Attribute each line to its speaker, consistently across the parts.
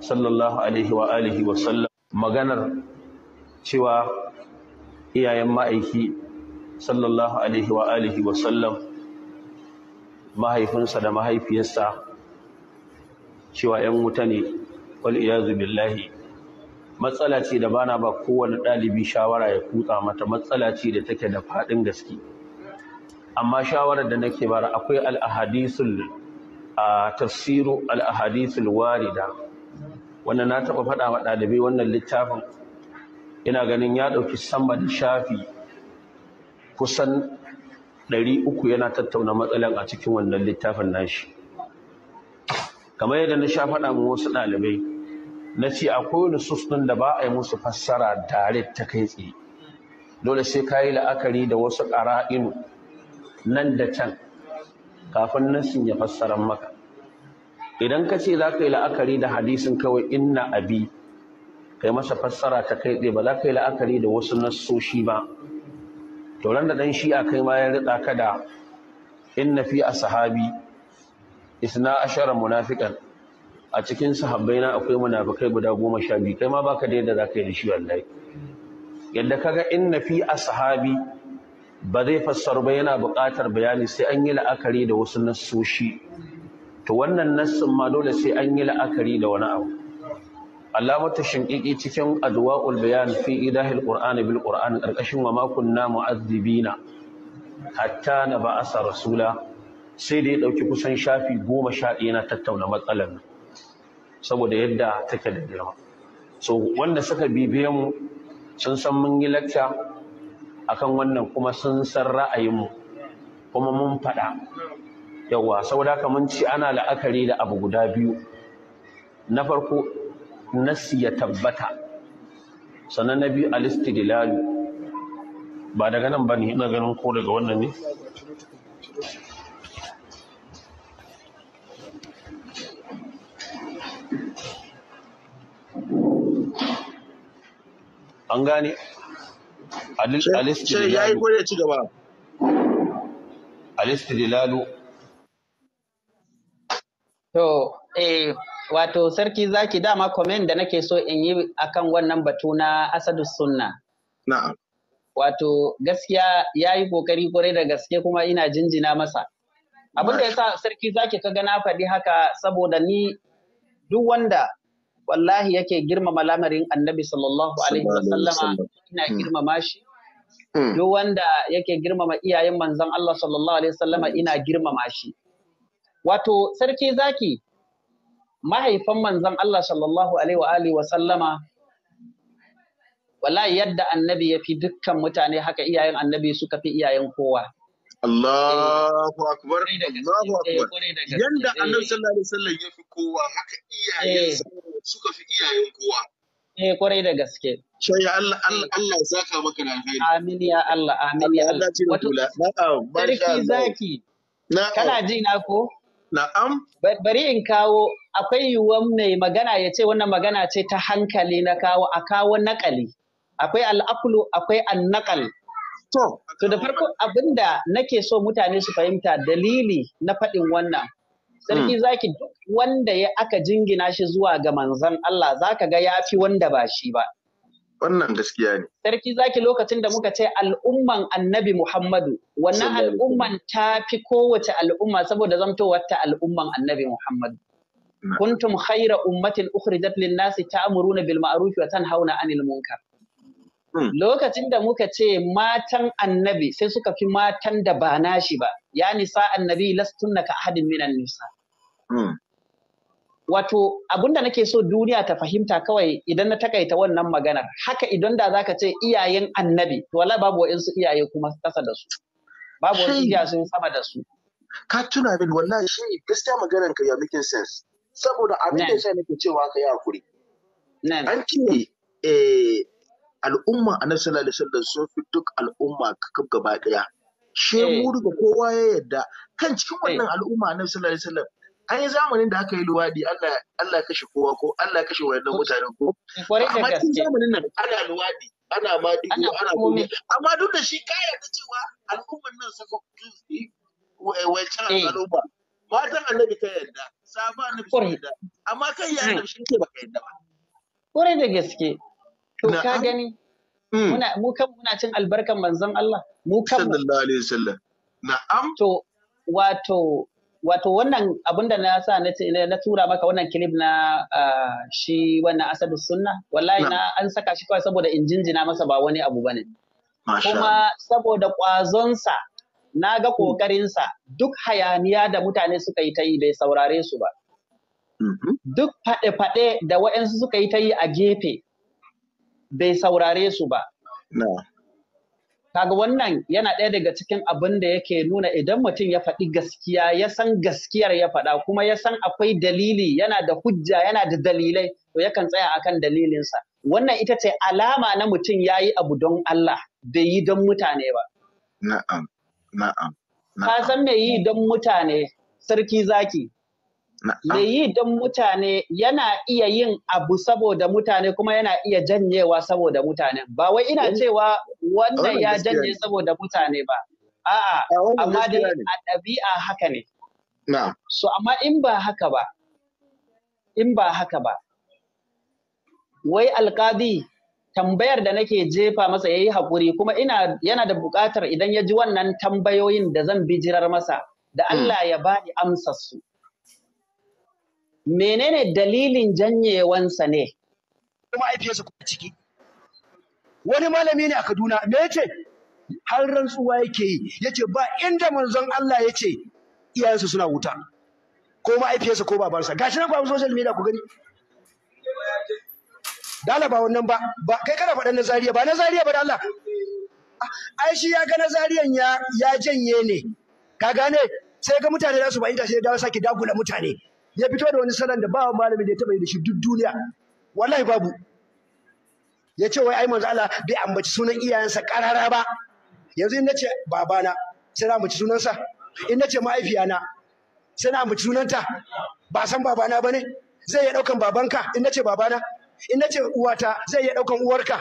Speaker 1: sallallahu alaihi wa alihi wa sallam maganar cewa iyayen ma'aiki sallallahu alaihi wa alihi wa sallam mahaifinsa da mahaifiyarsa cewa ‘yan wuta ne wal'iyazu billahi matsala ce da bana ba kowane ɗalibi shawara ya kutsa mata matsala ce da take da faɗin gaske amma shawarar da nake bara akwai al'ahadisul a tafsiru al'ahadisul warida wannan na taɓa faɗa wa ɗalibai wannan littafin ina ganin ya ɗauki sama da shafi kusan ɗari uku yana tattauna matsalan a cikin wannan littafin nashi kamar yadda na sha faɗa mu wasu ɗalibai na ce akwai nusus ɗin da ba a yi musu fassara direct ta kai tsaye dole sai ka yi la'akari da wasu ƙara'inu nan da can kafin sun ya fassara maka idan ka ce za ka yi la'akari da hadisin kawai inna abi kai masa fassara ta kai ba za ka yi la'akari da wasu nassoshi ba to ran da dan a kai ma ya rika ka da inna fi ashabi isna ashara munafiqan a cikin sahabbai na akwai munafikai guda goma sha biyu kai ma baka da yadda za ka yi da shi wallahi yadda kaga inna fi ashabi ba zai fassara ba yana buƙatar bayani sai an yi la'akari da wasu nassoshi to wannan nassin ma dole sai an yi la'akari da wani abu allamatu shinkiki cikin adwa'ul bayan fi idahil qur'ani bil qur'an karkashin wa ma kunna mu'azzibina hatta na ba'asa rasula sai da ya dauki kusan shafi 11 na tattauna matsalar saboda yadda take da girma so wanda suka bibiye mu sun san mun yi lacca akan wannan kuma sun san ra'ayin mu kuma mun faɗa yawa saboda da mun ci ana la'akari da abu guda biyu na farko Nasi ya tabbata sannan na biyu da istidlal ba daga nan ba ne ina ganin ko daga wannan ne an gane al-istidlal ya
Speaker 2: To, eh, wato sarki zaki dama comment da nake so in yi akan wannan batu na asadu sunna. Na'am. Wato gaskiya ya yi kokari kwarai da gaske kuma ina jinjina masa. Abin da ya sa sarki zaki ka gana faɗi haka saboda ni duk wanda wallahi yake girmama lamarin annabi sallallahu alaihi wasallama ina hmm. girmama shi. Hmm. Duk wanda yake girmama iyayen manzon Allah sallallahu alaihi wasallama ina girmama shi. wato sarki zaki mahaifan manzon Allah sallallahu alaihi wa alihi wa sallama yadda annabi ya fi dukkan mutane haka iyayen annabi suka fi iyayen kowa
Speaker 3: Allahu akbar
Speaker 4: Allahu akbar eh, yanda eh. annabi sallallahu alaihi wasallam ya fi kowa haka iyayen eh. suka fi iyayen
Speaker 2: kowa Eh kwarai da gaske. Shai Allah Allah Allah maka Amin ya Allah amin ya Allah. Wato sarki zaki. Kana ji na ko? Na'am. Bari in kawo akwai yiwuwan mai magana ya ce wannan magana ce ta hankali na kawo a kawo nakali. Akwai al'akulu akwai annakal. To, to da farko abinda nake so mutane su fahimta dalili na faɗin wannan. Sarki hmm. zaki duk wanda ya aka jingina shi zuwa ga manzan Allah zaka ga ya fi wanda ba shi ba. wannan gaskiya ne. Sarki zaki lokacin da muka ce al'umman annabi Muhammadu, wannan al'umman ta fi kowace al'umma saboda zamtowar ta al'umman annabi Muhammadu. Kuntum khaira ummatin ukhrijat lin-nasi ta'muruna bil ma'ruf wa tanhauna 'anil munkar. Hmm. Lokacin da muka ce matan annabi sai suka fi matan da ba nashi ba, ya nisa annabi lastunna ka ahadin minan nisa. Hmm. wato abinda nake so duniya ta fahimta kawai idan na takaita wannan maganar haka idan da zaka ce iyayen annabi to wala babu wa'insu iyaye kuma kasa da su babu wani iyaye sun sama da su ka tuna min wallahi shi gaskiya maganar ka ya making sense saboda abin da sa nake cewa ka yi
Speaker 4: hakuri an ce eh al'umma a sallallahu alaihi wasallam sun fi duk al'umma kakab gaba daya she eh. mu daga kowa ya yarda kan cikin eh. wannan al'umma a sallallahu alaihi wasallam an yi zamanin da aka yi luwaɗi Allah kashe kowa ko Allah kashe wayannan mutanen ko amma cikin zamanin nan ana luwaɗi ana ma digo ana komai amma duk da shi kaya ta cewa al'ummar nan suka wancan
Speaker 2: eh. al'umma matan annabi ta yarda sabon annabi ta yarda amma kai ya annabi shi ke baka yarda ba kore da gaske to ka gani mm. muna mu kan muna cin albarkan manzon Allah
Speaker 4: mu kan sallallahu alaihi wasallam
Speaker 2: na'am to wato wato wannan abin da na sa na tura maka wannan clip na shi wannan asadu sunna wallahi na an saka shi kawai saboda in jinjina masa ba wani abu bane kuma saboda kwazonsa na ga kokarinsa hmm. duk hayaniya da mutane suka yi ta yi bai saurare su ba mm-hmm. duk faɗe-faɗe da waɗansu suka yi ta yi a gefe bai saurare su ba kaga wannan yana ɗaya daga cikin abin da yake nuna idan mutum ya faɗi gaskiya ya san gaskiyar ya faɗa kuma ya san akwai dalili yana da hujja yana da dalilai to yakan tsaya akan dalilinsa wannan ita ce alama na mutum ya yi abu don Allah bai yi don mutane ba na'am na'am ka san me yi don mutane sarki zaki Me yi don mutane yana iya yin abu saboda mutane kuma yana iya janyewa saboda mutane. Ba wai ina eh, cewa wannan ya janye saboda mutane ba. A'a, amma dai a ɗabi'a haka ne. So amma in ba haka ba, in ba haka ba, wai alkadi tambayar da nake jefa masa ya yi hakuri kuma ina yana da buƙatar idan ya ji wannan tambayoyin da zan bijirar masa da hmm. Allah ya bani amsar su. menene dalilin janyewansa ne kuma aifiyarsa kuma ciki wani malami ne a Kaduna
Speaker 5: me yace har rantsuwa yake yi yace ba inda manzon Allah yace iyayensa suna wuta ko ma'aifiyarsa ko babansa gashi nan ku social media ku gani dala ba wannan ba kai kana faɗan na zariya ba na zariya ba da Allah ah, ai shi ya ga na zariyan ya ya janye ne ka gane sai ga mutane da su ba fahimta sai dawo sake dagula mutane ya fito da wani salon da babu malami da ya taba yi da shi duk duniya wallahi babu ya ce wai ai manzo Allah bai ambaci sunan iyayensa karara ba yanzu in nace babana sai na ambaci sunansa in nace mahaifiyana sai na ambaci sunanta ba san babana bane zai iya daukan babanka in nace babana in nace uwata zai iya daukan uwarka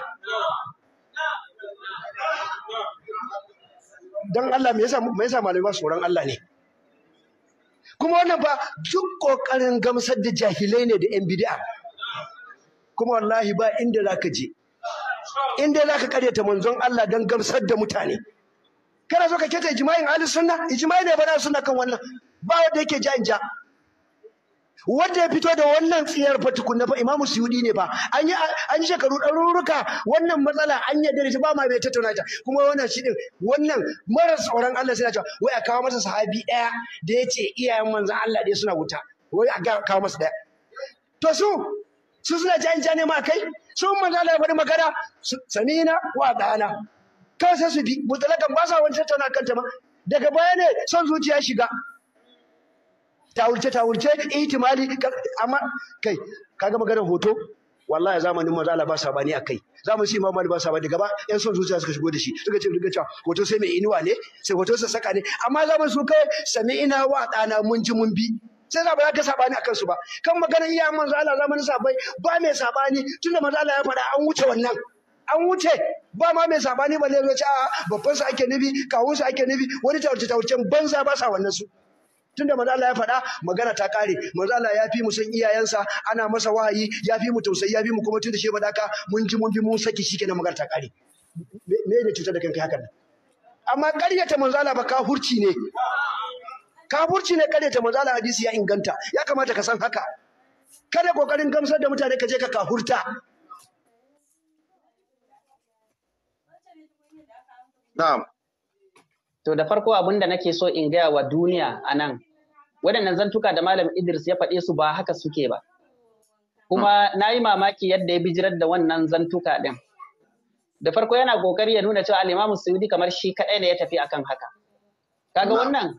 Speaker 5: dan Allah me yasa me yasa malamai ba tsoron Allah ne kuma wannan ba duk ƙoƙarin gamsar da jahilai ne da 'yan bid'a kuma wallahi ba inda za ka je inda za ka karyata manzon Allah don gamsar da mutane kana so ka keta ijma'in ahlus sunna ijma'i ne bana sunna kan wannan ba wanda yake ja in ja wanda ya fito da wannan tsiyar fa tukunna fa imamu suyudi ne fa an yi an shekaru ɗaruruka wannan matsala an yi dare shi ba ma bai tattauna ta kuma wannan shi din wannan mara tsoron Allah sai cewa wai a kawo masa sahabi ɗaya da ya ce iyayen manzon Allah ɗaya suna wuta wai a kawo masa ɗaya to su su suna jan jane ma kai su manzon Allah ya faɗi magana samina wa dana kawai sai su bi mutalakan ba sa wani tattauna kanta ma daga baya ne son zuciya shiga tawulce tawulce ihtimali amma kai kaga maganar hoto wallahi zamanin manzo Allah ba sabani akai zamanin shi Imam Malik ba sabani gaba yan son zuciya suka shigo da shi suka ce riga cewa hoto sai mai inuwa ne sai hoto sa saka ne amma zamanin su kai sami ina wa dana mun ji mun bi sai za ba za ka sabani akan su ba kan maganar iya manzo Allah zamanin sabai ba mai sabani tunda manzo Allah ya faɗa an wuce wannan an wuce ba ma mai sabani balle zai ce a babban sa ake nufi kawun sa ake nufi wani tawarce tawarcen banza ba sa wannan su tunda manzo Allah ya faɗa magana ta kare manzo Allah ya fi mu san iyayensa ana masa wahayi ya fi mu tausayi ya fi mu kuma tunda shi ba daka mun ji mun bi mun saki shikenan magana ta kare me ne cutar da kanka hakan amma ƙaryata manzo Allah ba kafurci ne kafurci ne ƙaryata manzo Allah hadisi ya inganta ya kamata ka san haka kada kokarin gamsar da mutane ka je ka kahurta
Speaker 2: na'am to da farko abin da nake so in gaya wa duniya anan waɗannan zantuka da malam Idris ya faɗe su ba haka suke ba kuma na yi mamaki yadda ya bijirar da wannan zantuka ɗin da farko yana ƙoƙari ya nuna cewa Alimamu imam Suyudi kamar shi kaɗai ne ya tafi akan haka kaga wannan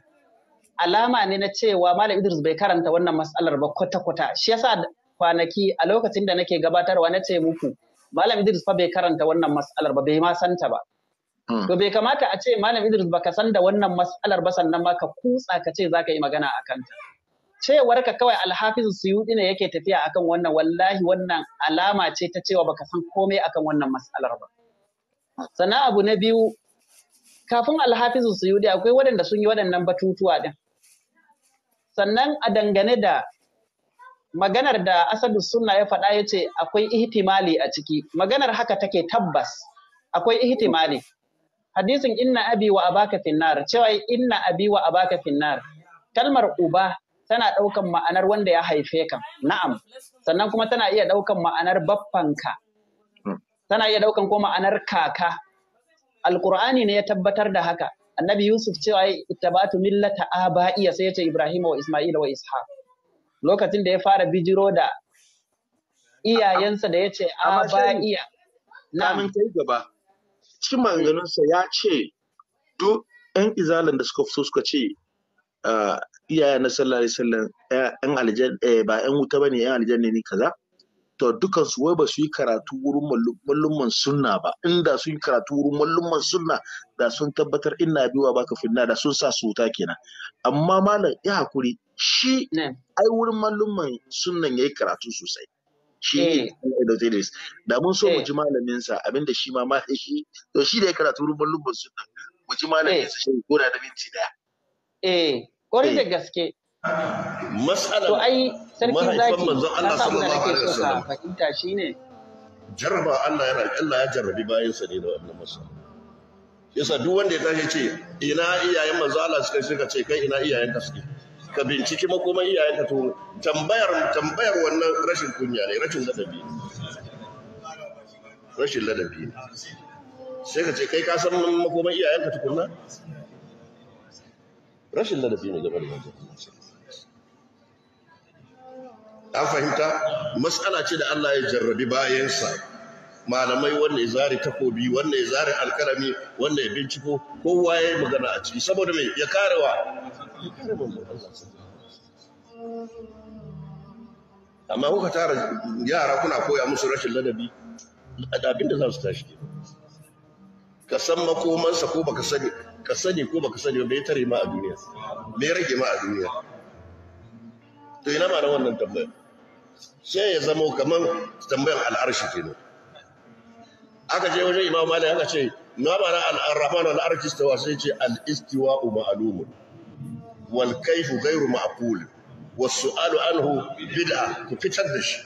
Speaker 2: alama ne na cewa malam Idris bai karanta wannan matsalar ba kwata-kwata shi yasa kwanaki a lokacin da nake gabatarwa na ce muku malam Idris fa bai karanta wannan matsalar ba bai ma santa ba Hmm. To bai kamata a ce Malam Idris baka san da wannan mas'alar ba sannan ma ka kutsa ka ce zaka yi magana a kanta. Cewar ka kawai Alhafizu Suyudi ne yake tafiya akan wannan wallahi wannan alama ce ta cewa baka san komai akan wannan mas'alar ba. Sannan abu na biyu kafin Alhafizu Suyudi akwai waɗanda sun yi waɗannan batutuwa din. Sannan a dangane da maganar da Asadu Sunna ya faɗa ya ce akwai ihtimali a ciki. Maganar haka take tabbas akwai ihtimali. hadisin inna abi wa abaka finnar cewa inna abi wa abaka finnar kalmar uba tana ɗaukan ma'anar wanda ya haife ka na'am sannan kuma tana iya ɗaukan ma'anar baffanka hmm. tana iya ɗaukan ko ma'anar kaka alqur'ani ne ya tabbatar da haka annabi yusuf cewa ittabatu millata aba'iya sai ya ce ibrahim wa isma'il wa ishaq lokacin da ya fara bijiro da iyayensa da ya ce aba'iya na gaba cikin
Speaker 4: maganganunsa ya ce duk 'yan izalan da suka fito suka ce iyaye na sallallahu alaihi yan aljan eh, ba yan wuta bane yan aljan ne kaza to dukan su wai ba su yi karatu wurin mallumman sunna ba inda sun yi karatu wurin mallumman sunna da sun tabbatar ina biwa baka finna da sun sa su wuta kenan amma malam ya hakuri shi ai wurin mallumman sunnan yayi karatu sosai shi da eh. Idris da mun so mu eh. ji malamin sa abinda shi ma ma shi to shi da ya karatu rubun lubun sunna mu ji malamin sa eh. shi ko da minti daya
Speaker 2: eh kwarai da gaske
Speaker 3: mas'alar to ai sarkin zaki manzon Allah sallallahu alaihi wasallam fahimta shine jarraba Allah yana Allah ya jarrabi bayan sa ne da wannan mas'ala yasa duk wanda ya tashi ce ina iyayen manzo Allah suka ce kai ina iyayen ka suke ka binciki makoman iyayenka to tambayar tambayar wannan rashin kunya ne rashin ladabi rashin ladabi ne sai ka ce kai ka san makoman iyayenka tukunna rashin ladabi ne game da yanzu an fahimta matsala ce da Allah ya jarrabi bayansa malamai wanda ya zari takobi wanda ya zari alkalami wanda ya binciko kowa ya yi magana a ciki saboda mai ya karewa ya kare Allah amma kuka tara yara kuna koya musu rashin ladabi da za su tashi ka san makomansa ko baka sani ka sani ko baka sani bai tare ma a duniya bai rage ma a duniya to ina ma wannan tambayar sai ya zama kamar tambayar al'arshi kenan aka je wajen imam malik aka ce na ba na al-rahman al-arshi sai ce al-istiwa'u ma'lumun wal kayfu ghairu ma'qul was su'alu anhu bid'a ku fitar da shi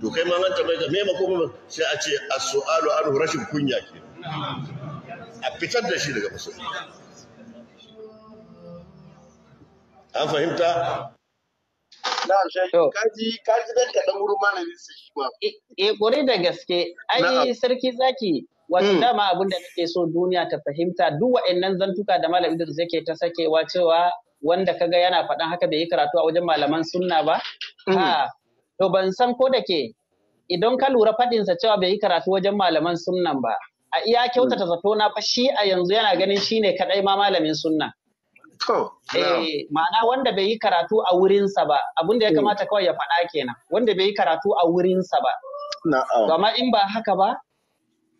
Speaker 3: to kai ma an tambaye ka me makoma sai a ce as su'alu anhu rashin kunya ke a fitar da shi daga musulmi an fahimta
Speaker 2: na'am shayi kaji kaji dan kaɗan wurin malamin sa yi ma eh kore eh, da gaske ai sarki zaki Wato hmm. dama abin da nake so duniya ta fahimta duk wa'annan zantuka da Malam Idris yake ta sakewa cewa wanda kaga yana faɗan haka bai yi karatu a wajen malaman sunna ba. Hmm. Ha, to ban san ko da ke idan ka lura faɗinsa cewa bai yi karatu wajen malaman sunnan ba. A iya kyautata hmm. zato na fa shi a yanzu yana ganin shi ne kaɗai ma malamin sunna. To, eh, ma'ana wanda bai yi karatu a wurinsa ba, abin ya kamata kawai ya faɗa kenan, wanda bai yi karatu a wurinsa ba. Na'am. Amma in ba haka ba,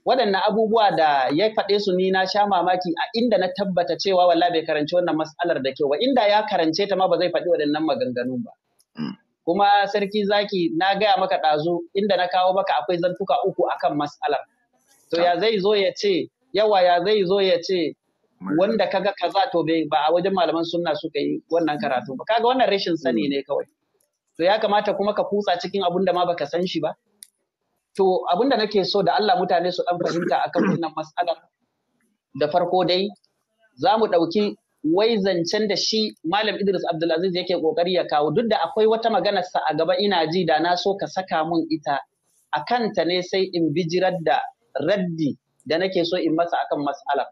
Speaker 2: waɗannan abubuwa da ya faɗe su ni na sha mamaki a inda na tabbata cewa walla bai karanci wannan mas'alar da kyau ba inda ya karance ta ma ba zai faɗi waɗannan maganganu ba mm. kuma sarki zaki na gaya maka ɗazu inda na kawo maka akwai zantuka uku akan mas'alar to ya zai zo ya ce yawa ya zai zo ya ce wanda kaga kaza to bai ba a wajen malaman sunna suka yi wannan karatu ba kaga wannan rashin sani mm. ne kawai to ya kamata kuma ka kutsa cikin abun da ma baka san shi ba To abinda nake so da Allah mutane su ɗan fahimta akan wannan matsalar da farko dai za mu ɗauki wai zancen da shi Malam Idris Abdulaziz yake ƙoƙari ya kawo duk da akwai wata maganarsa a gaba ina ji da na so ka saka mun ita a kanta ne sai in bijirar da raddi da nake so in masa akan matsalar.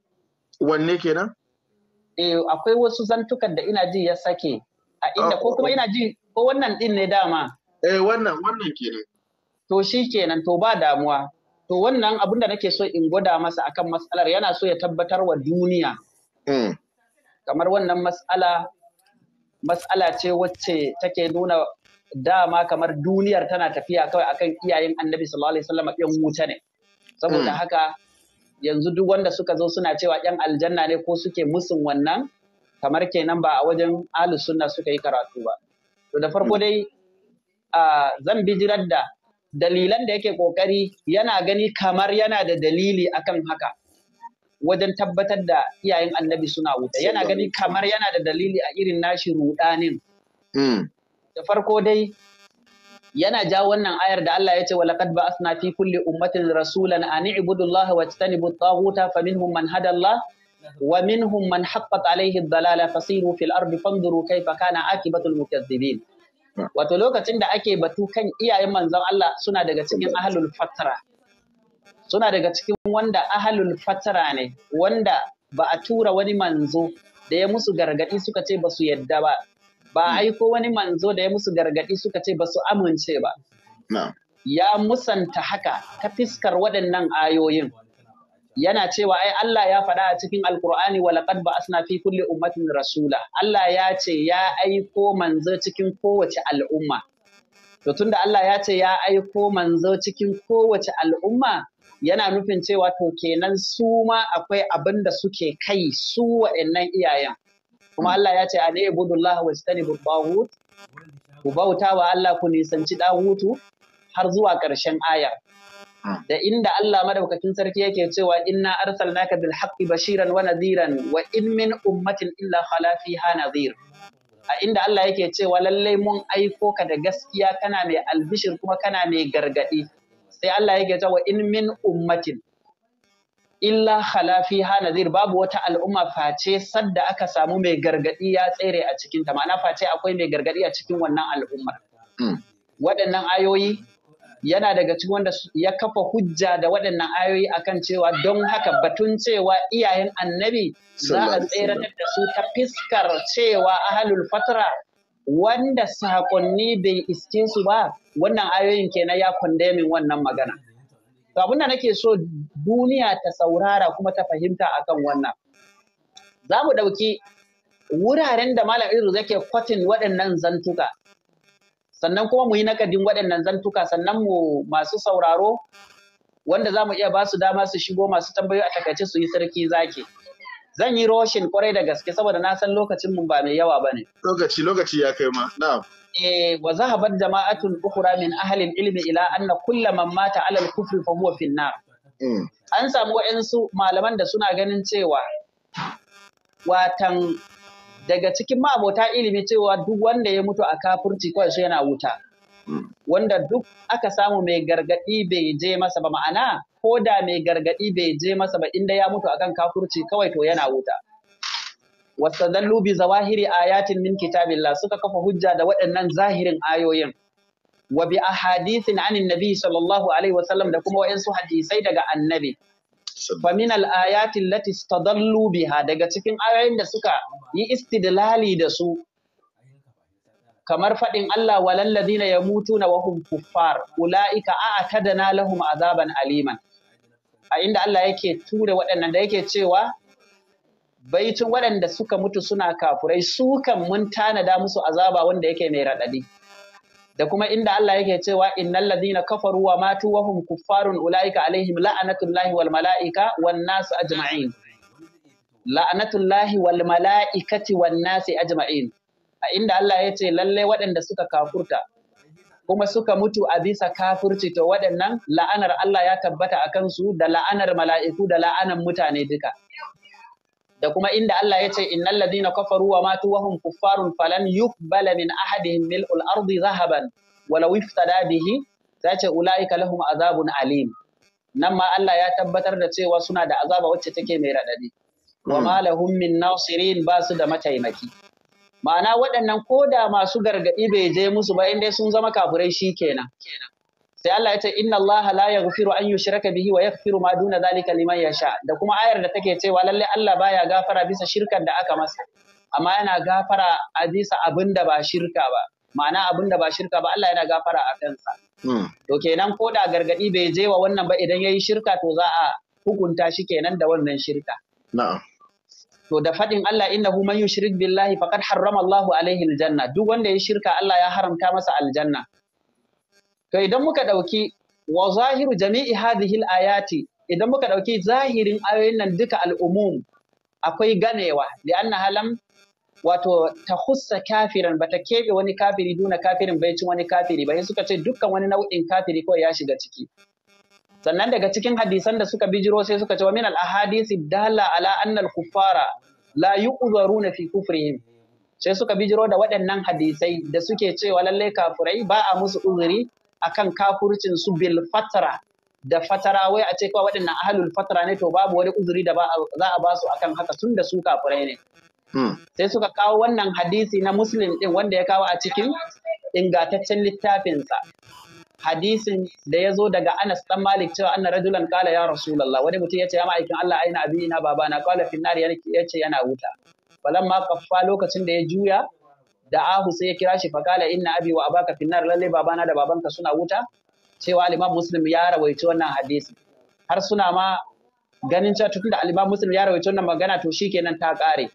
Speaker 2: Wanne kenan? Eh akwai wasu zantukan da ina ji ya sake a inda ah, ko kuma ina ji ko wannan din ne dama. Eh wannan wannan kenan. to shi kenan to ba damuwa to wannan abin da nake so in gwada masa akan matsalar yana so ya tabbatar wa duniya hmm. kamar wannan matsala matsala ce wacce take nuna dama kamar duniyar tana tafiya kawai akan iyayen annabi sallallahu alaihi wasallam yan wuta ne saboda hmm. haka yanzu duk wanda suka zo suna cewa yan aljanna ne ko suke musun wannan kamar kenan ba a wajen ahlus sunna suka yi karatu ba to da farko hmm. dai zan bijirar da dalilan da yake kokari yana gani kamar yana da dalili akan haka wajen tabbatar da iyayen annabi suna wuta yana gani kamar yana da dalili a irin nashi rudanin hmm. da farko dai yana ja wannan ayar da Allah ya ce walaqad ba'athna fi kulli ummatin rasulan an i'budu Allah wa tajtanibu at-taghuta faminhum man hada Allah wa minhum man haqqat alayhi ad-dalala fasiru fil ardi fanzuru kayfa kana akibatul mukaththibin wato lokacin da ake batu kan iyayen manzon Allah suna daga cikin ahlul fatara suna daga cikin wanda ahlul fatara ne wanda ba a tura wani manzo da ya musu gargadi suka ce ba su yadda ba ba a aiko wani manzo da ya musu gargadi suka ce ba su amince ba ya musanta haka ta fiskar waɗannan ayoyin yana cewa ai Allah ya faɗa a cikin Alƙur'ani wa laqad ba'asna fi kulli ummatin rasula Allah ya ce ya aiko manzo cikin kowace al'umma to tunda Allah ya ce ya aiko manzo cikin kowace al'umma yana nufin cewa to kenan su ma akwai abin da suke kai su wa'annan iyayen kuma Allah ya ce ani ibudullah wa istanibu ku bauta wa Allah ku nisanci dahutu har zuwa ƙarshen ayar da inda Allah madaukakin sarki yake cewa inna arsalnaka bil haqqi bashiran wa nadhiran wa in min ummatin illa khala fiha nadhir a inda Allah yake cewa lallai mun aiko ka da gaskiya kana mai albishir kuma kana mai gargadi sai Allah yake cewa in min ummatin illa khala fiha nadhir babu wata al'umma face sadda aka samu mai gargadi ya tsere a cikin ta ma'ana face akwai mai gargadi a cikin wannan al'ummar hmm. waɗannan ayoyi yana daga cikin wanda ya kafa hujja da waɗannan ayoyi akan cewa don haka batun cewa iyayen annabi za a tseratar da su ta fiskar cewa ahalul fatara wanda sakonni bai iske su ba wannan ayoyin kenan ya kondemin wannan magana. To abin da nake so duniya ta saurara kuma ta fahimta akan wannan. Za mu ɗauki wuraren da Malam Idris yake kwatin waɗannan zantuka. sannan kuma mu yi nakadin waɗannan zantuka sannan mu masu sauraro wanda za mu iya ba su dama su shigo masu tambayo a takaice su yi sarki zaki. Zan yi roshin kwarai da gaske saboda na san lokacin mun ba mai yawa ba ne. Lokaci
Speaker 4: lokaci ya kai ma,
Speaker 2: na'am. Eh wa zahabat jama'atun ukhra min ahlil ilmi ila anna kulla man mata ala al-kufri fa huwa nar. Mm. An samu wa'ansu malaman da suna ganin cewa watan daga cikin ma'abota ilimi cewa duk wanda ya mutu a kafurci kawai shi yana wuta. Wanda duk aka samu mai gargaɗi bai je masa ba ma'ana ko da mai gargaɗi bai je masa ba inda ya mutu akan kafurci kawai to yana wuta. Wastadallu bi zawahiri ayatin min kitabillah suka kafa hujja da waɗannan zahirin ayoyin. Wa bi ahadithin anin nabi sallallahu alaihi wasallam da kuma wa'insu hadisai daga annabi. fa min al-ayati allati istadallu biha daga cikin ayoyin da suka yi istidlali da su kamar faɗin Allah walal ya mutu na hum kuffar ulaika a'tadna lahum azaban aliman a inda Allah yake ture waɗannan da yake cewa baitun waɗanda suka mutu suna kafurai sukan mun tanada musu azaba wanda yake mai raɗaɗi da kuma inda Allah yake cewa innal ladina kafaru wa matu wa hum kuffarun ulaika alaihim la'anatullahi wal malaika wan nas ajma'in la'anatullahi wal mala'ikati wan nas ajma'in a inda Allah ya ce lalle waɗanda suka kafurta kuma suka mutu a bisa kafurci to waɗannan la'anar Allah ya tabbata a kansu da la'anar mala'iku da la'anar mutane duka da kuma inda Allah ya ce innal ladina kafaru wa matu wa hum kuffarun falan yuqbala min ahadihim mil'ul ardi zahaban walau iftada bihi zace ulaika lahum azabun alim nan ma Allah ya tabbatar da cewa suna da azaba wacce take mai radadi wa ma lahum min nasirin ba su da mataimaki ma'ana waɗannan koda masu gargadi bai je musu ba inda sun zama kafurai shikenan kenan sai Allah ya ce inna Allah la yaghfiru an yushraka bihi wa yaghfiru ma duna zalika liman yasha da kuma ayar da take cewa lalle Allah baya gafara bisa shirkan da aka masa amma yana gafara a bisa abin ba shirka ba ma'ana abin ba shirka ba Allah yana gafara a kansa hmm. to kenan ko da gargadi bai je wa wannan ba idan yayi shirka to za a hukunta shi kenan da wannan shirka na'am to da faɗin Allah innahu man yushrik billahi faqad harrama Allahu alaihi aljanna duk wanda ya shirka Allah ya haramta masa aljanna to idan muka ɗauki wa zahiru jami'i hadhihi ayati idan muka ɗauki zahirin ayoyin nan duka al'umum akwai ganewa da anna halam wato ta hussa kafiran ta keɓe wani kafiri duna kafirin bai cin wani kafiri ba suka ce dukkan wani nau'in kafiri kawai ya shiga ciki sannan daga cikin hadisan da suka bijiro sai suka ce wa min al ahadisi dalla ala anna al kuffara la yu'zaruna fi kufrihim sai suka bijiro da waɗannan hadisai da suke cewa lallai kafurai ba a musu uzuri akan kafurcin su bil fatara da fatara wai a ce kawai waɗannan ahalul fatara ne to babu wani uzuri da za a basu akan haka tun da su kafirai ne. Hmm. Sai suka kawo wannan hadisi na Muslim ɗin wanda ya kawo a cikin ingataccen littafinsa. Hadisin da ya zo daga Anas ɗan Malik cewa anna rajulan kala ya Rasulallah wani mutum ya ce ya ma'aikin Allah aina abi ina babana kala finnar ya ce yana wuta. Balan ma kaffa lokacin da ya juya Da Ahu sai ya kira shi fakala inna abi wa abaka finnar lalle babana da babanka suna wuta cewa alimam muslim ya rawaito wannan hadisi har suna ma ganin cewa tun da alimam muslim ya rawaito wannan magana to shikenan ta kare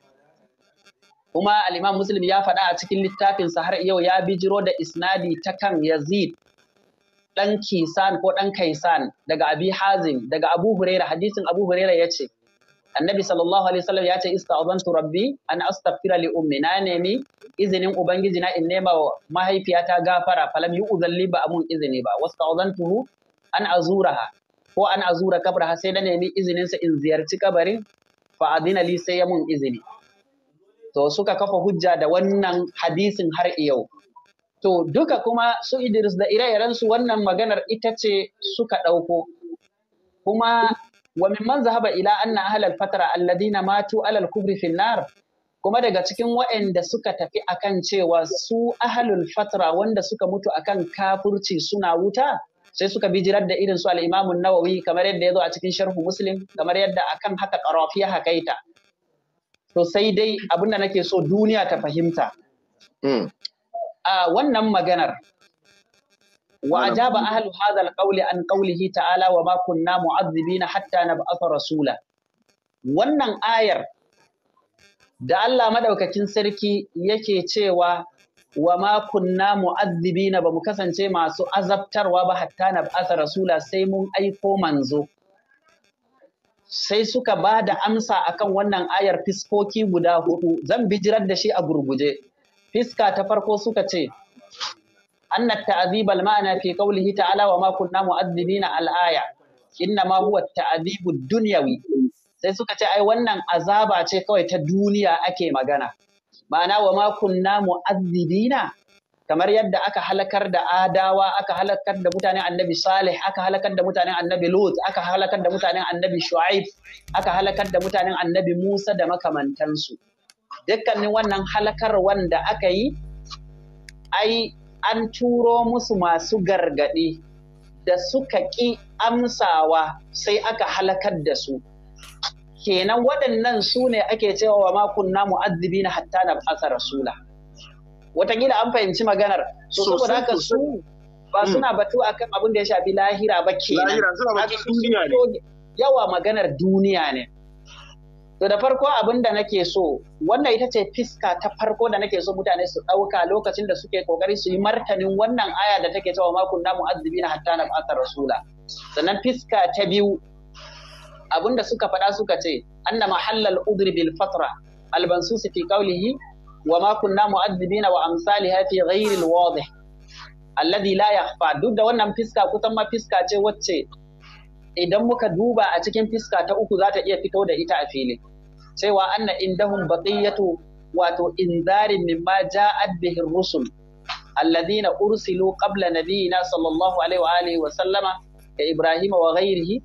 Speaker 2: kuma alimam muslim ya faɗa a cikin littafin sa har yau ya bijiro da isnadi ta kan yazid dan kisan ko dan kaisan daga abi hazim daga abu huraira hadisin abu huraira yace annabi sallallahu alaihi wasallam ya ce ista'azantu rabbi an astaghfira li ummi na nemi izinin ubangiji na in nema wa mahaifiyata gafara falam yi uzalli ba amun izini ba wasta'azantuhu an azuraha ko an azura kabraha sai na nemi izinin sa in ziyarci kabarin fa adina li sai ya mun izini to suka kafa hujja da wannan hadisin har yau to duka kuma su Idris da ire-irensu wannan maganar ita ce suka ɗauko kuma wa من ذهب ila anna ahlal fatara الذين matu alal kubri في النار kuma daga cikin waɗanda suka tafi akan cewa su ahlul fatra wanda suka mutu akan kafurci suna wuta sai suka bi jirar da irin su al-Imamun Nawawi kamar yadda ya zo a cikin sharhu Muslim kamar yadda akan haka Qarafi hakaita to sai dai abin da nake so duniya ta fahimta hmm. a wannan maganar wa ajaba ahlu hadha alqawli an qawlihi ta'ala wa ma kunna mu'adhibina hatta nab'atha rasula wannan ayar da Allah madaukakin sarki yake cewa wa ma kunna mu'adhibina ba mu kasance masu azabtarwa ba hatta nab'atha rasula sai mun aiko manzo sai suka ba da amsa akan wannan ayar fiskoki guda hudu zan bijirar da shi a gurguje fiska ta farko suka ce أن التعذيب المعنى في قوله تعالى وما كنا مؤذبين الآية إنما هو التعذيب الدنيوي sai suka ce ai wannan azaba ce kawai ta duniya ake magana ma'ana wa ma kunna mu'azzibina kamar yadda aka halakar da adawa aka halakar da mutanen annabi salih aka halakar da mutanen annabi lut aka halakar da mutanen annabi shu'aib aka halakar da mutanen annabi musa da makamantansu dukkanin wannan halakar wanda aka yi ai an turo musu masu gargaɗi da suka ƙi amsawa sai aka halakar da su. Kenan waɗannan su ne ake cewa wa makon namu azzibi na hatta na fasa rasula. Watakila an fahimci maganar, so su haka su ba hmm. suna batu kan abin da ya shafi lahira ba kenan. Lahira suna batu duniya ne. Yawa maganar duniya ne. To da farko abin da nake so, wannan ita ce fiska ta farko da nake so mutane su ɗauka lokacin da suke ƙoƙari su yi martanin wannan aya da take cewa makon namu azumi na hatta na ba'atar rasula. Sannan fiska ta biyu abin da suka faɗa suka ce anna mahallal udri bil fatra albansusi fi kaulihi wa ma azumi na wa amsali haifi Rairin al wadih alladhi la fa duk da wannan fiska kusan ma fiska ce wacce idan muka duba a cikin fiska ta uku za ta iya fito da ita a fili cewa anna indahum baqiyatu wato inzarin ma ja'at bihi rusul alladhina ursilu qabla nabiyina sallallahu alaihi wa alihi wa sallama ka ibrahima wa ghairihi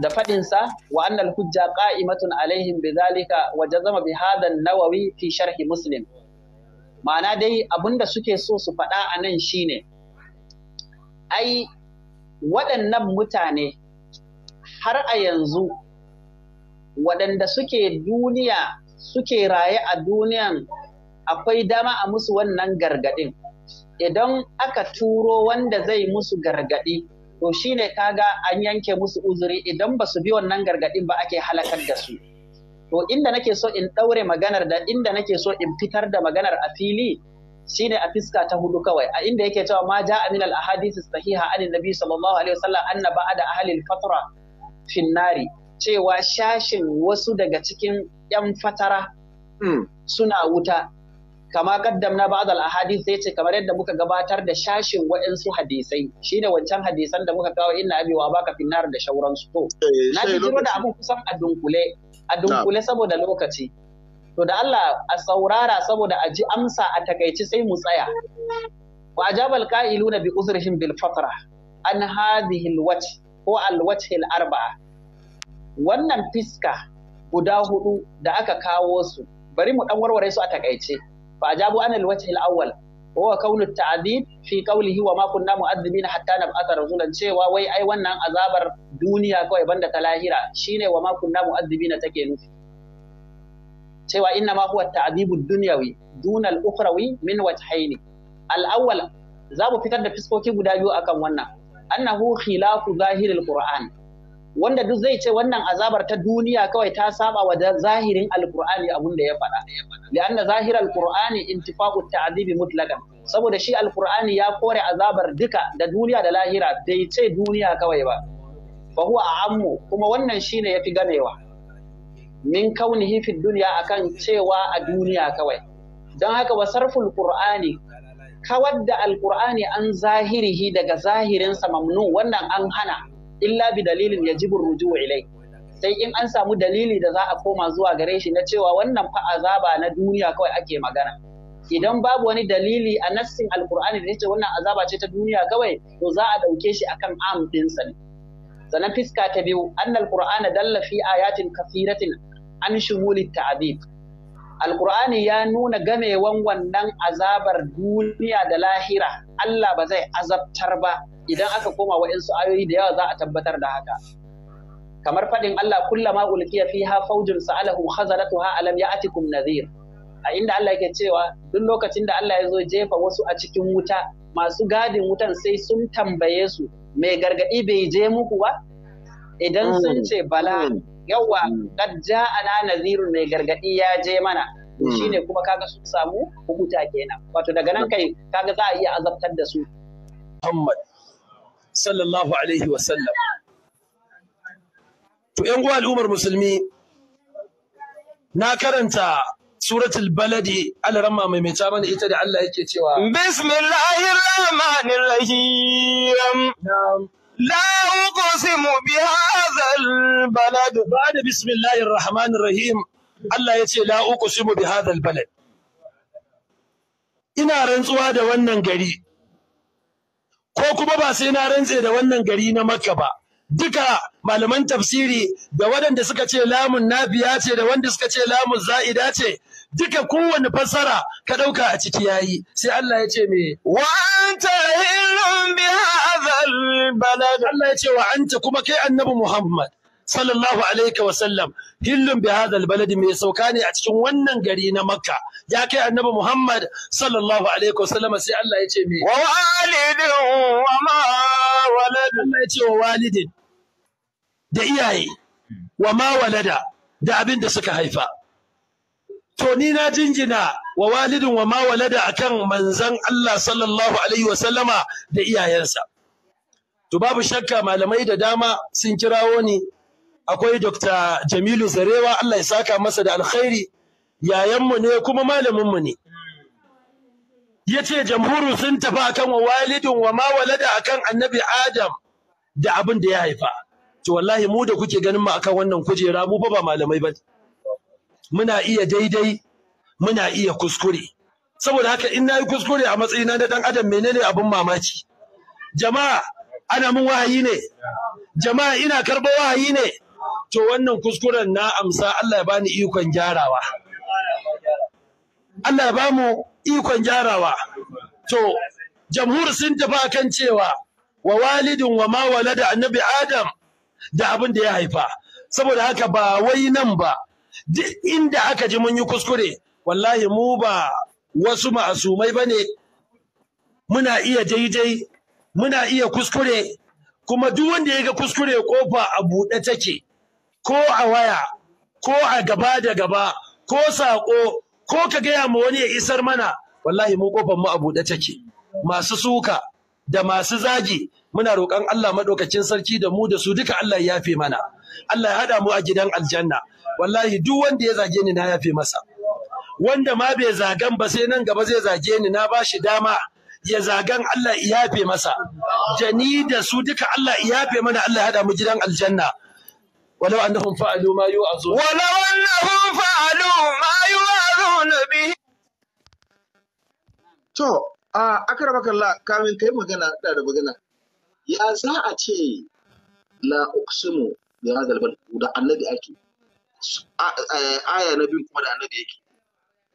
Speaker 2: da fadin sa wa anna al-hujja qa'imatun alaihim bidhalika wa jazama bi hadha an-nawawi fi sharhi muslim ma'ana dai abinda suke so su faɗa a nan shine ai waɗannan mutane har a yanzu waɗanda suke duniya suke raye a duniyan akwai dama a musu wannan gargaɗin idan aka turo wanda zai musu gargaɗi to shine kaga an yanke musu uzuri idan ba su bi wannan gargaɗin ba ake halakar da su to inda nake so in ɗaure maganar da inda nake so in fitar da maganar a fili shine a fiska ta hudu kawai a inda yake cewa ma ja Aminal al sahiha an nabi sallallahu alaihi wasallam anna ba'da ahli al fatra fi nari cewa shashin wasu daga cikin 'yan fatara hmm. suna wuta kama kaddam na bazal al ahadith sai ce kamar yadda muka gabatar da shashin waɗansu hadisai shine wancan hadisan da muka kawo inna abi wa baka finnar da shauransu to eh, eh, na ji da abun kusan a dunkule a dunkule saboda lokaci to da Allah a saurara saboda a ji amsa a takaici sai mu tsaya wa ajabal qa'iluna bi uzrihim bil fatra an hadhihi al wajh ko al wajh al arba'a wannan fiska guda hudu da aka kawo su bari mu dan warware su a takaice fa ajabu anil wajhi al-awwal huwa qawlu ta'dib fi qawlihi wa ma kunna mu'adhibina hatta nab'atha rasulan cewa wai ai wannan azabar duniya kawai banda ta lahira shine wa ma kunna mu'adhibina take nufi cewa inna ma huwa ta'dibu dunyawi duna al-ukhrawi min wajhayn al-awwal za mu fitar da fiskoki guda biyu akan wannan annahu khilafu zahiril qur'an wanda duk zai ce wannan azabar ta duniya kawai ta saba wa zahirin alqur'ani abun da ya faɗa li'anna zahir alqur'ani intifa'u ta'dhibi mutlaqan saboda shi alqur'ani ya kore azabar duka da duniya da lahira bai ce duniya kawai ba fa huwa Ammu kuma wannan shine yafi ganewa min kaunihi fi duniya akan cewa a duniya kawai don haka wa sarful qur'ani kawar da alqur'ani an zahirihi daga zahirinsa mamnu wannan an hana illa bi dalilin ya yajibu ruju'u ilai sai in an samu dalili da za a koma zuwa gare shi na cewa wannan fa azaba na duniya kawai ake magana idan babu wani dalili a nassin alkur'ani da yace wannan azaba ce ta duniya kawai to za a dauke shi akan am dinsa ne sannan fiska ta biyu annal qur'ana dalla fi ayatin kasiratin an shumuli ta'dib alkur'ani ya nuna gamewan wannan azabar duniya da lahira Allah ba zai azabtar ba idan aka koma waɗansu ayoyi da yawa za a tabbatar da haka kamar faɗin Allah kullama ha fiha sa'alahu sa'alahum ha alam ya atikum nazir. a inda Allah yake cewa duk lokacin da Allah ya zo jefa wasu a cikin wuta masu gadin wutan sai sun tambaye su mai gargaɗi bai je muku ba idan sun ce bala mm. yawa kad mm. ja'ana Naziru mai gargaɗi ya je mana mm. ne kuma kaga sun samu hukuta kenan wato daga nan kai kaga za a iya azabtar da su
Speaker 6: Muhammad sallallahu alaihi wa sallam. to yan uwa al'ummar musulmi na karanta suratul baladi alarama mai mai ta mana ita da Allah yake cewa bismillahir rahmanir
Speaker 4: rahim لا أقسم بهذا البلد
Speaker 6: بعد بسم الله الرحمن الرحيم الله يتي لا أقسم بهذا البلد ina rantsuwa da wannan gari ko kuma ba sai na rantse da wannan gari na Makka ba duka malaman tafsiri da waɗanda suka ce lamun nafiya ce da wanda suka ce lamun za'ida ce duka kowane fassara ka ɗauka a ciki yayi sai Allah ya ce me wa
Speaker 5: anta bi
Speaker 6: hadhal Allah ya ce wa anta kuma kai annabi Muhammad sallallahu alaihi wa sallam hillun bi baladi mai sauka ne a cikin wannan gari na makka ya kai annabi muhammad sallallahu alaihi sai allah ya ce me wa walidin wa ma allah ya ce wa walidin da iyaye wa ma da abin suka haifa to ni na jinjina wa walidin wa ma walada akan manzon allah sallallahu alaihi wa sallama da iyayensa To babu shakka malamai da dama sun kirawo ni akwai Dr. Jamilu Zarewa Allah ya saka masa da alkhairi yayanmu ne kuma malaminmu ne ce jamhuru sun tafi akan wa walidin wa ma walada akan annabi Adam da abin da ya haifa to wallahi mu da kuke ganin mu akan wannan kujera mu fa ba malamai ba muna iya daidai muna iya kuskure saboda haka in yi kuskure a matsayina na ɗan adam menene abin mamaki jama'a ana mun wahayi ne jama'a ina karɓar wahayi ne to wannan kuskuren na amsa Allah ya bani ikon gyarawa Allah ya bamu ikon gyarawa to jamhur sun tafi kan cewa wa walidin wa ma walada annabi adam da abin da ya haifa saboda haka ba wai nan ba duk inda aka ji mun yi kuskure wallahi mu ba wasu ma'asumai bane muna iya daidai muna iya kuskure kuma duk wanda ya ga kuskure kofa a buɗe take ko a waya ko a gaba da gaba ko saƙo ko ka gaya ma wani ya isar mana wallahi mu kofar mu a buɗe take masu suka da masu zagi muna roƙon Allah maɗaukacin sarki da mu da su duka Allah ya yafe mana Allah ya haɗa mu a gidan aljanna wallahi duk wanda ya zage ni na yafe masa wanda ma bai zagan ba sai nan gaba zai zage ni na ba shi dama ya zagan Allah ya yafe masa jani da su duka Allah ya yafe mana Allah ya haɗa mu gidan aljanna ولو أنهم
Speaker 4: فعلوا ما يوعظون ولو
Speaker 5: أنهم فعلوا ما يوعظون
Speaker 4: به to a akramaka Allah kamin kai magana da da magana ya za a ce la uqsimu bi hadal bal da annabi ake aya na biyu kuma da annabi yake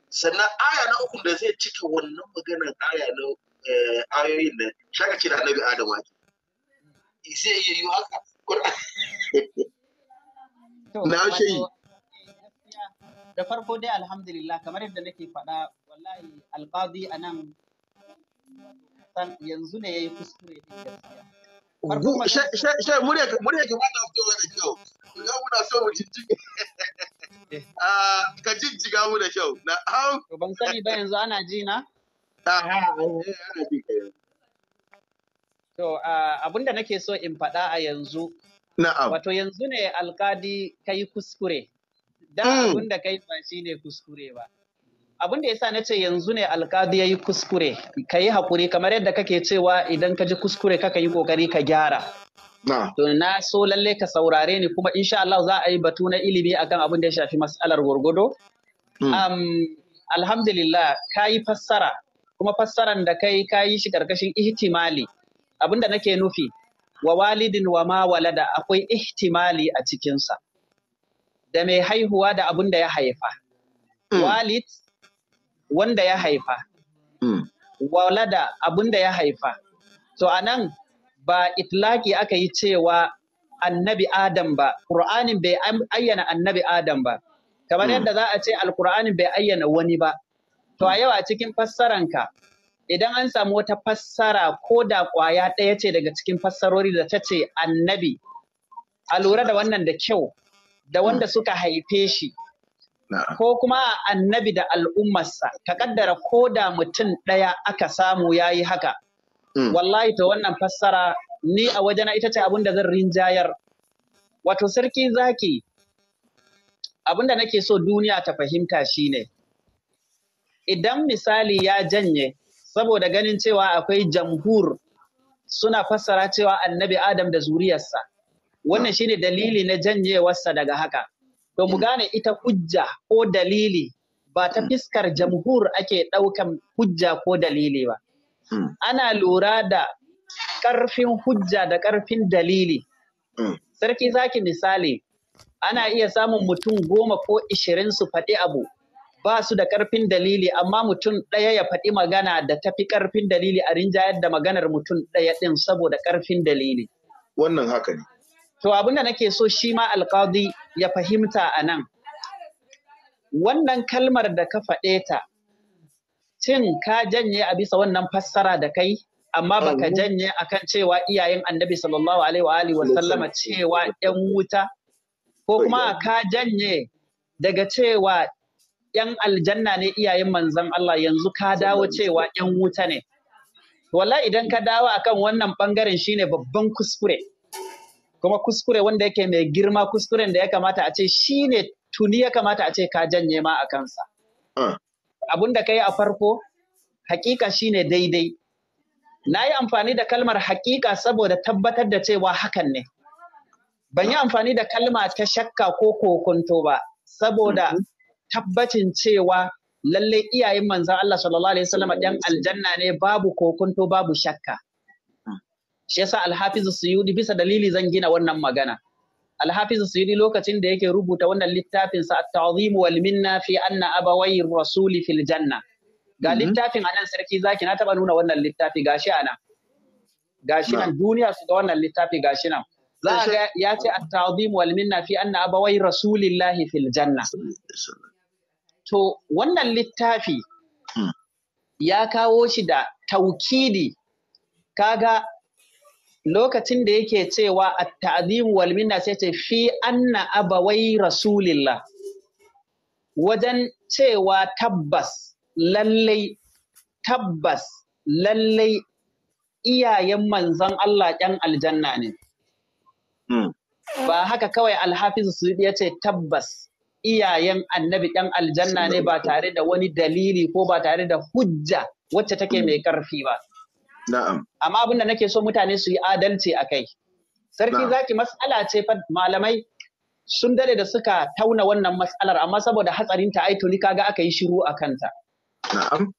Speaker 4: sannan aya na uku da zai cika wannan maganar aya na eh, ayoyin shaka ce da annabi Adam
Speaker 2: ake zai yi haka na shi da farko dai alhamdulillah kamar yadda nake faɗa wallahi a nan. yanzu ne ya yi kuskure
Speaker 4: din gaskiya murya ki murya ki
Speaker 2: da kyau. Ga muna so mu jijjiga. Ah, ka jijjiga mu da kyau. Na am. Ban sani ba yanzu ana ji na? Aha, eh, ana ji kai. To ah, abinda nake so in faɗa a yanzu Na'am. Wato yanzu ne alkadi ka yi kuskure. Da hmm. abin da ka yi ba shi ne kuskure ba. Abin da yasa na ce yanzu ne alkadi ya yi kuskure, ka yi haƙuri kamar yadda kake cewa idan ka ji kuskure ka yi ƙoƙari ka gyara. To na so lalle ka saurare ni kuma insha Allah za a yi batu na ilimi akan abin da ya shafi matsalar gwargwado. Hmm. alhamdulillah ka yi fassara kuma fassaran da kai ka yi shi ƙarƙashin ihtimali abin da nake nufi wa walidin wa ma walada akwai ihtimali a cikinsa da mai haihuwa da abin da ya haifa hmm. walid wanda ya haifa hmm. walada abin da ya haifa to nan, ba itlaki aka yi cewa annabi adam ba Kur'anin bai ayyana annabi adam ba kamar hmm. yadda za a ce Alkur'anin bai ayyana wani ba to a yau a cikin fassaranka idan an samu wata fassara ko da ƙwaya ɗaya ce daga cikin fassarori da ta ce annabi a lura da wannan da kyau da wanda suka haife shi ko kuma annabi da al'ummarsa ka kaddara ko da mutum ɗaya aka samu ya yi haka hmm. wallahi ta wannan fassara ni a wajena ita ce abin da zan rinjayar wato sarki zaki abin da nake so duniya ta fahimta shine idan misali ya janye saboda ganin cewa akwai jamhur suna fassara cewa annabi Adam da zuriyarsa. Wannan shine dalili na janyewarsa daga haka. To mu gane ita hujja ko dalili ba ta fiskar jamhur ake ɗaukan hujja ko dalili ba. Hmm. Ana lura da ƙarfin hujja da ƙarfin dalili. Hmm. Sarki zaki misali, ana iya samun mutum goma ko ishirin su faɗi abu, ba su da ƙarfin dalili amma mutum ɗaya ya faɗi magana da ta fi karfin dalili a rinjayar da maganar mutum ɗaya ɗin saboda ƙarfin dalili. Wannan haka ne. To abin da nake so shi ma alƙadi ya fahimta a nan. Wannan kalmar da ka faɗe ta, cin ka janye a bisa wannan fassara da kai, amma ba ka janye a kan cewa iyayen annabi sallallahu alaihi wa sallama cewa 'yan wuta, ko kuma ka janye daga cewa 'yan aljanna ne iyayen manzan Allah yanzu ka dawo cewa 'yan wuta ne. Wala idan ka dawo akan wannan bangaren shine babban kuskure. Kuma kuskure wanda yake mai girma kuskuren da ya kamata a ce shine tuni ya kamata a ce ka janye ma a kansa. Ah. Abun da ka yi a farko, hakika shine daidai. Na yi amfani da kalmar hakika saboda tabbatar da cewa hakan ne. Ban yi amfani da kalma ta shakka ko kokonto ba, saboda mm-hmm. tabbacin cewa lalle iyayen manzan Allah sallallahu alaihi wasallam dan aljanna ne babu kokunto babu shakka shi yasa alhafiz suyudi bisa dalili zan gina wannan magana alhafiz suyudi lokacin da yake rubuta wannan littafin sa at-ta'zim wal minna fi anna Abawai, rasuli fil janna ga mhm. littafin anan sarki zaki na taba nuna wannan littafi gashi anan gashi nan duniya su ga wannan littafi gashi nan za ga ya ce at-ta'zim wal minna fi anna Abawai, rasulillahi fil janna To wannan littafi hmm. ya kawo shi da taukidi kaga lokacin da yake cewa at-ta'zim wal minna sai ce fi anna abawai rasulillah wajen cewa tabbas lallai tabbas lallai iyayen manzon Allah ɗan aljanna ne. Hmm. Ba haka kawai alhafiz su ya ce tabbas iyayen annabi ɗan aljanna ne ba tare da wani dalili ko ba tare da hujja wacce take mai ƙarfi ba. Na'am. Amma abin da nake so mutane su yi adalci a kai. Sarki zaki mas'ala ce fa malamai sun dade da suka tauna wannan mas'alar amma saboda hatsarin ta ai tuni kaga aka yi shiru a kanta. Na'am.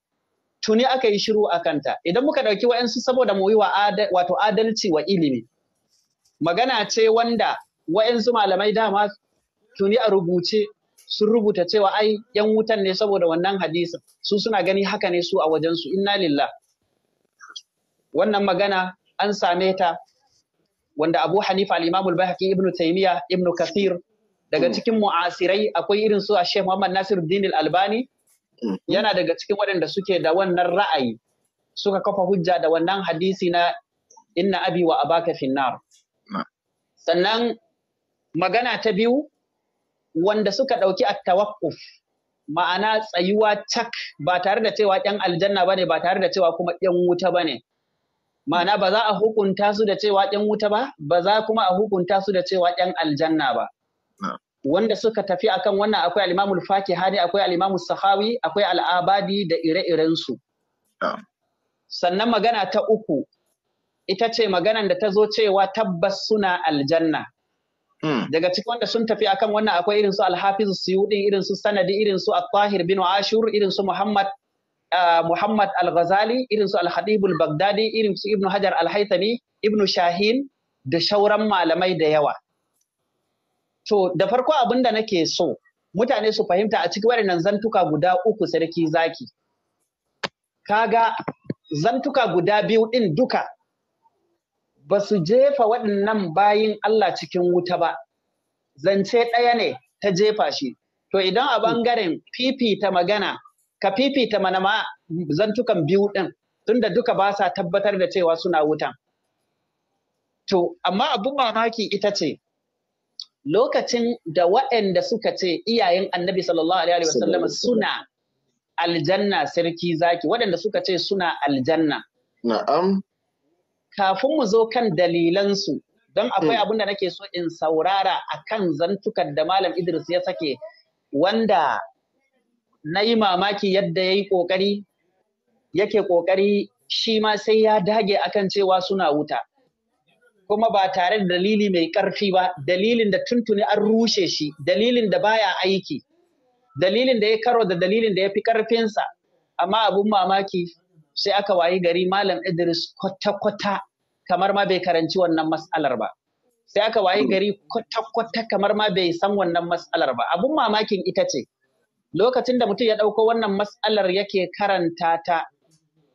Speaker 2: Tuni aka yi shiru a kanta. Idan muka ɗauki wa'yansu saboda mu yi wa wato adalci wa ilimi. Magana ce wanda wa'yansu malamai dama tuni a rubuce sun rubuta cewa ai yan wutan ne saboda wannan hadisin su suna gani haka ne su a wajensu inna lillah wannan magana an same ta wanda Abu Hanifa al-Imam al-Baihaqi Ibn Taymiya, Ibn Kathir daga hmm. cikin mu'asirai akwai irin su a Sheikh Muhammad Nasiruddin al-Albani hmm. yana daga cikin waɗanda suke da wannan ra'ayi suka kafa hujja da wannan hadisi na inna abi wa abaka finnar sannan magana ta biyu wanda suka ɗauki a tawakuf ma'ana tsayuwa cak ba tare da cewa ‘yan aljanna ba ne ba tare da cewa kuma ‘yan wuta ba ne. Ma'ana ba za a hukunta su da cewa ‘yan wuta ba, ba za kuma a hukunta su da cewa ‘yan aljanna ba. Wanda suka tafi akan wannan akwai al'imamul hani akwai al'imamul sahawi, akwai al'abadi da ire-irensu. Sannan magana ta uku, ita ce maganan da ta zo cewa tabbas suna aljanna. Mm. daga cikin wanda sun tafi akan wannan akwai irin su alhafiz suyudi irin su sanadi irin su at bin ashur irin su muhammad ah, muhammad al-ghazali irin su al-hadib al-baghdadi irin su ibnu hajar al-haytami ibnu shahin da shauran malamai da yawa to da farko abin da nake so mutane su fahimta a cikin wannan zantuka guda uku sarki zaki kaga zantuka guda biyu din duka ba su jefa waɗannan bayin Allah cikin wuta ba, zance ɗaya ne ta jefa shi. To idan a ɓangaren fifita magana, ka fifita mana ma zantukan biyu ɗin, tunda duka ba sa tabbatar da cewa suna wuta. To, amma abin mamaki ita ce, lokacin da waɗanda suka ce iyayen annabi sallallahu alaihi wasallam suna aljanna sarki zaki, waɗanda suka ce suna aljanna. Na'am. kafin mu zo kan dalilansu don akwai hmm. abin da nake so in saurara a kan zantukan da Malam Idris ya sake wanda na yi mamaki yadda ya yi ƙoƙari yake ƙoƙari shi ma sai ya dage akan cewa suna wuta. Kuma ba tare da dalili mai ƙarfi ba, dalilin da tuntuni an rushe shi, dalilin da baya aiki, dalilin da ya karo da dalilin da ya fi ƙarfinsa, amma abin mamaki sai aka wayi gari malam Idris kwata-kwata kamar ma bai karanci wannan mas'alar ba sai aka wayi gari kwata-kwata kamar ma bai san wannan mas'alar ba abun mamakin ita ce lokacin da mutum ya ɗauko wannan mas'alar yake karanta ta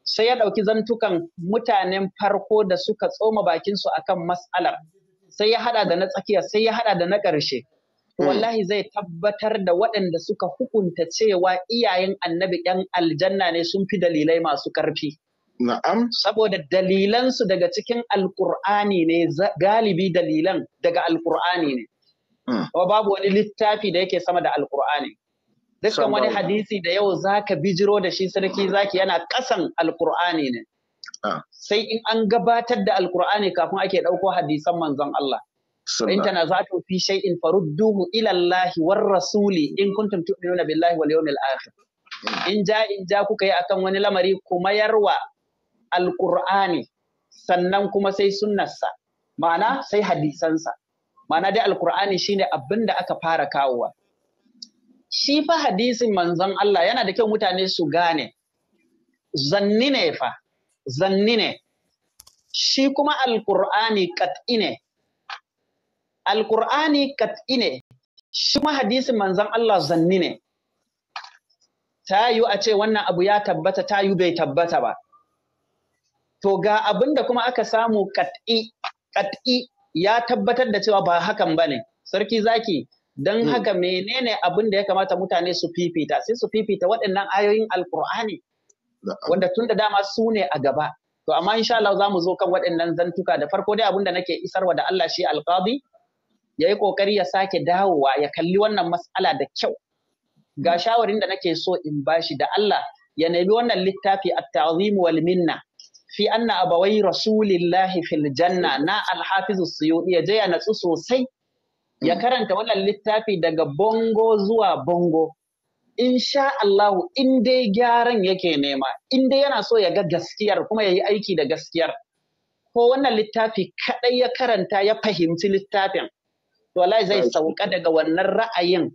Speaker 2: sai ya ɗauki zantukan mutanen farko da suka tsoma bakinsu akan mas'alar sai ya haɗa da na tsakiya sai ya haɗa da na ƙarshe Hmm. wallahi zai tabbatar da waɗanda suka hukunta cewa iyayen annabi ‘yan aljanna ne sun fi dalilai masu ƙarfi. Na'am. Saboda dalilansu daga cikin alƙur'ani ne galibi dalilan daga alƙur'ani ne. Wa hmm. babu wani littafi da yake sama da alƙur'ani. Dukkan wani hadisi da yau zaka bijiro da shi sarki zaki yana ƙasan alƙur'ani ne. Ah. Sai in an gabatar da alƙur'ani kafin ake ɗauko hadisan manzon Allah. فإن تنازعتم في شيء فردوه إلى الله والرسول إن كنتم تؤمنون بالله واليوم الآخر in ja in ja kuka yi akan wani lamari kuma yarwa alkur'ani sannan kuma sai sunnarsa ma'ana sai hadisansa ma'ana dai alkur'ani shine abin da aka fara kawowa shi fa hadisin manzon Allah yana da kyau mutane su gane zanni ne fa zanni ne shi kuma alkur'ani kat'i ne alkur'ani kat'i ne shi ma hadisin manzon Allah zanni ne ta yiwu a ce wannan abu ya tabbata ta yi bai tabbata ba to ga abin da kuma aka samu kat'i kat'i ya tabbatar da cewa ba hakan ba ne sarki zaki don hmm. haka menene abin da ya kamata mutane su fifita sai su fifita waɗannan ayoyin alkur'ani wanda tun da dama su ne a gaba to amma insha Allah za mu zo kan waɗannan zantuka da farko dai abin da nake isarwa da Allah shi alqadi ya yi ƙoƙari ya sake dawowa ya kalli wannan matsala da kyau ga shawarin da nake so in bashi da Allah ya nemi wannan littafi a tazim wal minna fi anna abawai rasulillahi fil janna na al-hafiz ya je ya natsu sosai ya karanta wannan littafi daga bongo zuwa bongo insha Allahu in dai gyaran yake nema in dai yana so ya ga gaskiyar kuma ya yi aiki da gaskiyar ko wannan littafi kaɗai ya karanta ya fahimci littafin to wallahi zai sauka daga wannan ra'ayin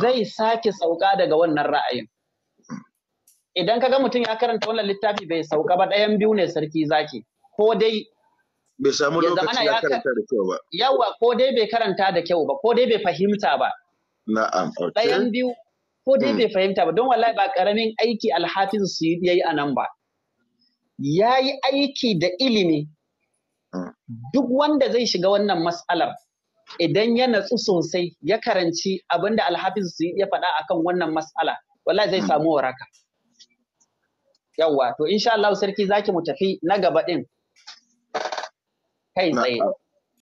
Speaker 2: zai sake sauka daga wannan ra'ayin idan kaga mutum ya karanta wannan littafi bai sauka ba ɗayan biyu ne sarki zaki ko dai
Speaker 4: bai samu lokaci ya karanta da kyau ba
Speaker 2: yawa ko dai bai karanta da kyau ba ko dai bai fahimta ba
Speaker 4: na'am okay ɗayan
Speaker 2: biyu ko dai hmm. bai fahimta ba don wallahi ba karamin aiki alhafiz su yayi a nan ba yayi aiki da ilimi hmm. duk wanda zai shiga wannan mas'alar idan ya natsu sosai ya karanci abin da alhafiz ya faɗa akan wannan mas'ala wallahi zai samu waraka yawwa to insha Allah sarki zaki mu tafi na gaba ɗin
Speaker 4: kai tsaye